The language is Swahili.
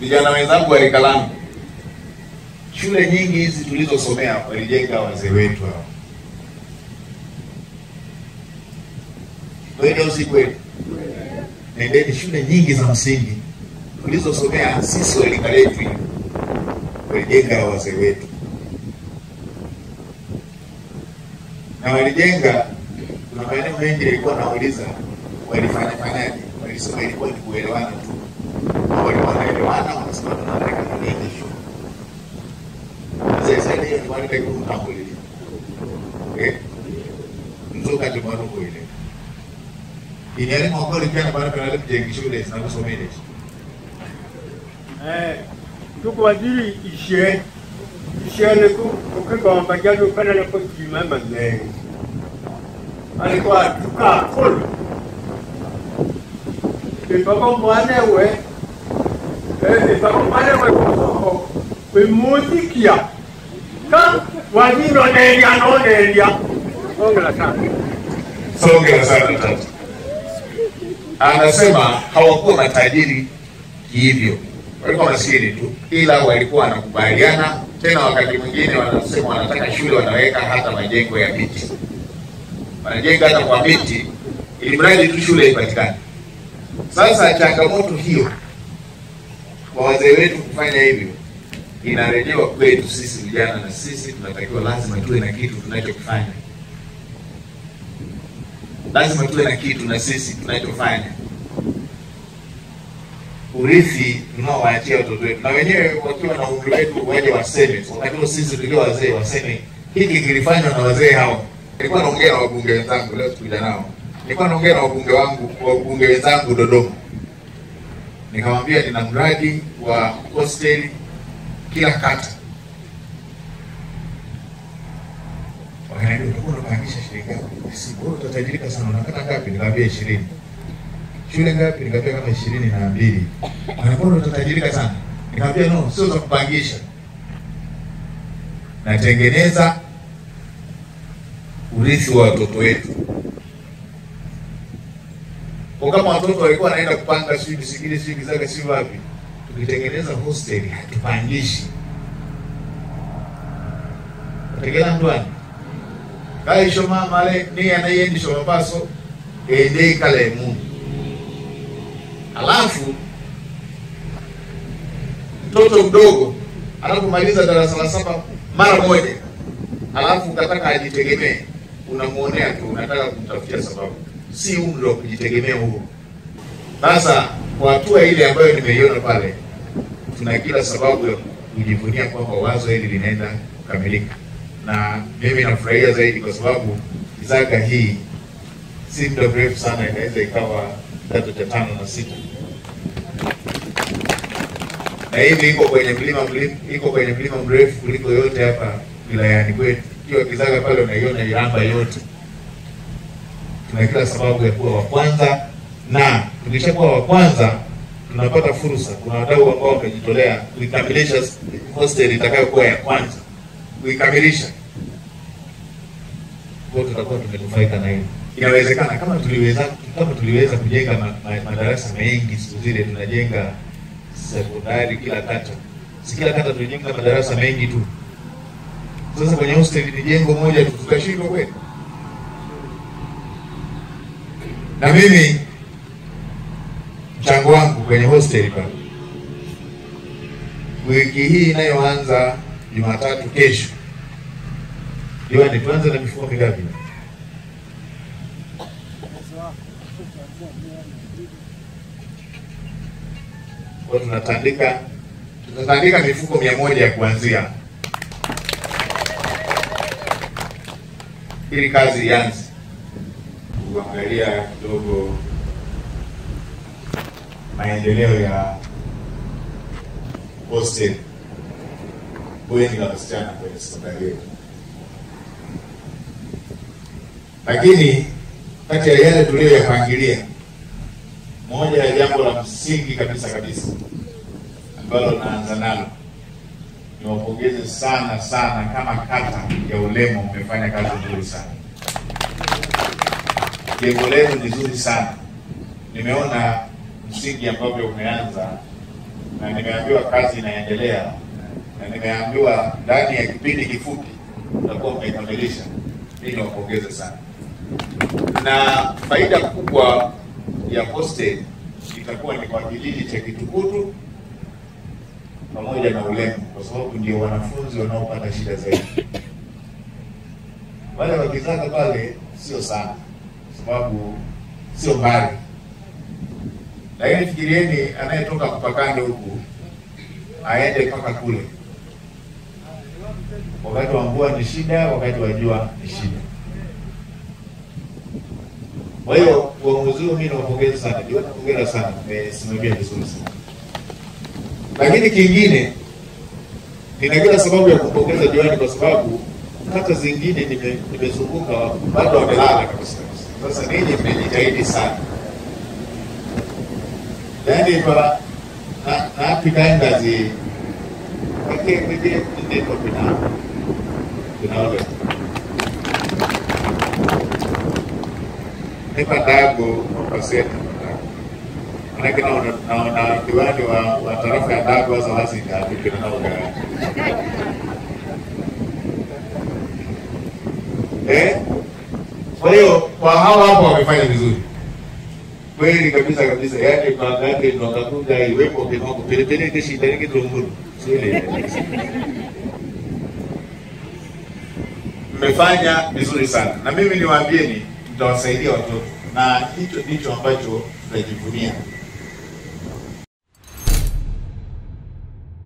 vijana wenzangu wa rika langu, shule nyingi hizi tulizosomea walijenga wazee wetu hao. Kweli au si kweli? Nendeni shule nyingi za msingi tulizosomea sisi wa rika letu walijenga wazee wetu, na walijenga. Kuna maeneo mengi yalikuwa nauliza walifanyafanyaje, walisema ilikuwa ni kuelewana tu Or you want marijuana, it's not not like a legal issue. Sasa leo ni wale kwa mtambo ile. Eh? Mzoka ndio mwanzo ile. Inari mwako likia bana kana ile mjengi shule zinakusomea ile. Eh, tuko wajiri ishe. Ishele ku ukigomba njalo kana na kwa kimama ngene. Alikuwa tukaa kulu. Ndipo kwa mwanewe ekisakomalewekosoko sana tatu anasema hawakuwa matajiri hivyo walikuwa maskini tu, ila walikuwa wanakubaliana. Tena wakati mwingine wanasema wanataka shule, wanaweka hata majengo ya miti, wanajenga hata kwa miti, ili mradi tu shule ipatikane. Sasa changamoto hiyo kwa wazee wetu kufanya hivyo inarejewa kwetu sisi vijana, na sisi tunatakiwa lazima tuwe na kitu tunachokifanya, lazima tuwe na kitu na sisi tunachofanya. Urithi tunaowaachia watoto wetu, na wenyewe wakiwa na umri wetu waje waseme, wakati huo sisi tulio wazee waseme hiki kilifanywa na wazee hao. Nilikuwa naongea na wabunge wenzangu leo, sikuja nao, nilikuwa naongea na wabunge wangu, wabunge wenzangu Dodoma nikamwambia nina mradi wa hosteli kila kata. Wakaniambia utakuwa unapangisha shilingi ngapi? Si bora utatajirika sana, unakata ngapi? Nikamwambia ishirini. Shule ngapi? Nikamwambia kama ishirini na mbili. Anambona utatajirika sana? Nikamwambia no, sio za kupangisha, natengeneza urithi wa watoto wetu. Kwa kama watoto walikuwa wanaenda kupanga sijui misikini sijui Kizaga sijui wapi, tukitengeneza hostel hatupangishi, utegela mtwana kaisho mama ale niye anaiendisha mapaso endei eh, kale emunu alafu mtoto mdogo anapomaliza darasa la saba mara moja, alafu ukataka ajitegemee, unamuonea tu, unataka kumtafutia sababu si umri wa kujitegemea huo. Sasa kwa hatua ile ambayo nimeiona pale, tuna kila sababu ya kujivunia kwamba wazo hili linaenda kukamilika, na mimi nafurahia zaidi kwa sababu Isaka hii si muda mrefu sana inaweza ikawa kidato cha tano na sita, na hivi iko kwenye mlima iko kwenye mlima mrefu kuliko yote hapa wilayani kwetu. Kiwa Kizaga pale unaiona Iramba yote tuna kila sababu ya kuwa wa kwanza, na tukishakuwa wa kwanza tunapata fursa. Kuna wadau ambao wamejitolea kuikamilisha hostel itakayokuwa ya kwanza, kuikamilisha kwa, tutakuwa tumenufaika na hiyo. Inawezekana kama tuliweza, kama tuliweza kujenga ma, ma, madarasa mengi siku zile, tunajenga sekondari kila kata, si kila kata tunajenga madarasa mengi tu. Sasa kwenye hostel ni jengo moja tutashindwa kweli? Na mimi mchango wangu kwenye hostel pa wiki hii inayoanza Jumatatu kesho, Diwani, tuanze na mifuko mingapi? Kwa tunatandika tunatandika mifuko mia moja ya kuanzia ili kazi ianze kuangalia kidogo maendeleo ya hostel bweni la wasichana kwenye sekondari yetu, lakini kati ya yale tuliyoyapangilia, moja ya jambo la msingi kabisa kabisa ambalo naanza nalo niwapongeze sana sana, kama kata ya Ulemo mmefanya kazi nzuri sana jengo lenu ni zuri sana. Nimeona msingi ambavyo umeanza na nimeambiwa kazi inaendelea na nimeambiwa ndani ya kipindi kifupi utakuwa umekamilisha. Mimi niwapongeze sana, na faida kubwa ya hostel itakuwa ni kwa kijiji cha Kitukutu pamoja na ulemu kwa sababu ndio wanafunzi wanaopata shida zaidi. Wale wakizaga pale sio sana sababu sio mbali, lakini fikirieni, anayetoka kupakande huku aende mpaka kule. Wakati wa mvua ni shida, wakati wa jua ni shida. Kwa hiyo uongozi huu mimi nawapongeza sana, jioni, sana, mmesimamia vizuri sana. Lakini kingine, nina kila sababu ya kumpongeza diwani kwa sababu kata zingine nimezunguka, bado wamelala kabisa Rosemary nimejitahidi sana, yaani kwa napitaendazi kwake kwenye ndiko kuna tunaona nipandago wakoseni manake naona diwani wa tarafa ya Ndago sasa wazinga tukinaoga Kwa hiyo kwa hawa hapo wamefanya vizuri kweli kabisa kabisa, yake yaani baba yake ndo akakuta iwepo kidogo pelipele keshi peleke tunguru sile. Mmefanya vizuri sana, na mimi niwaambieni, mtawasaidia watoto, na hicho ndicho ambacho tunajivunia.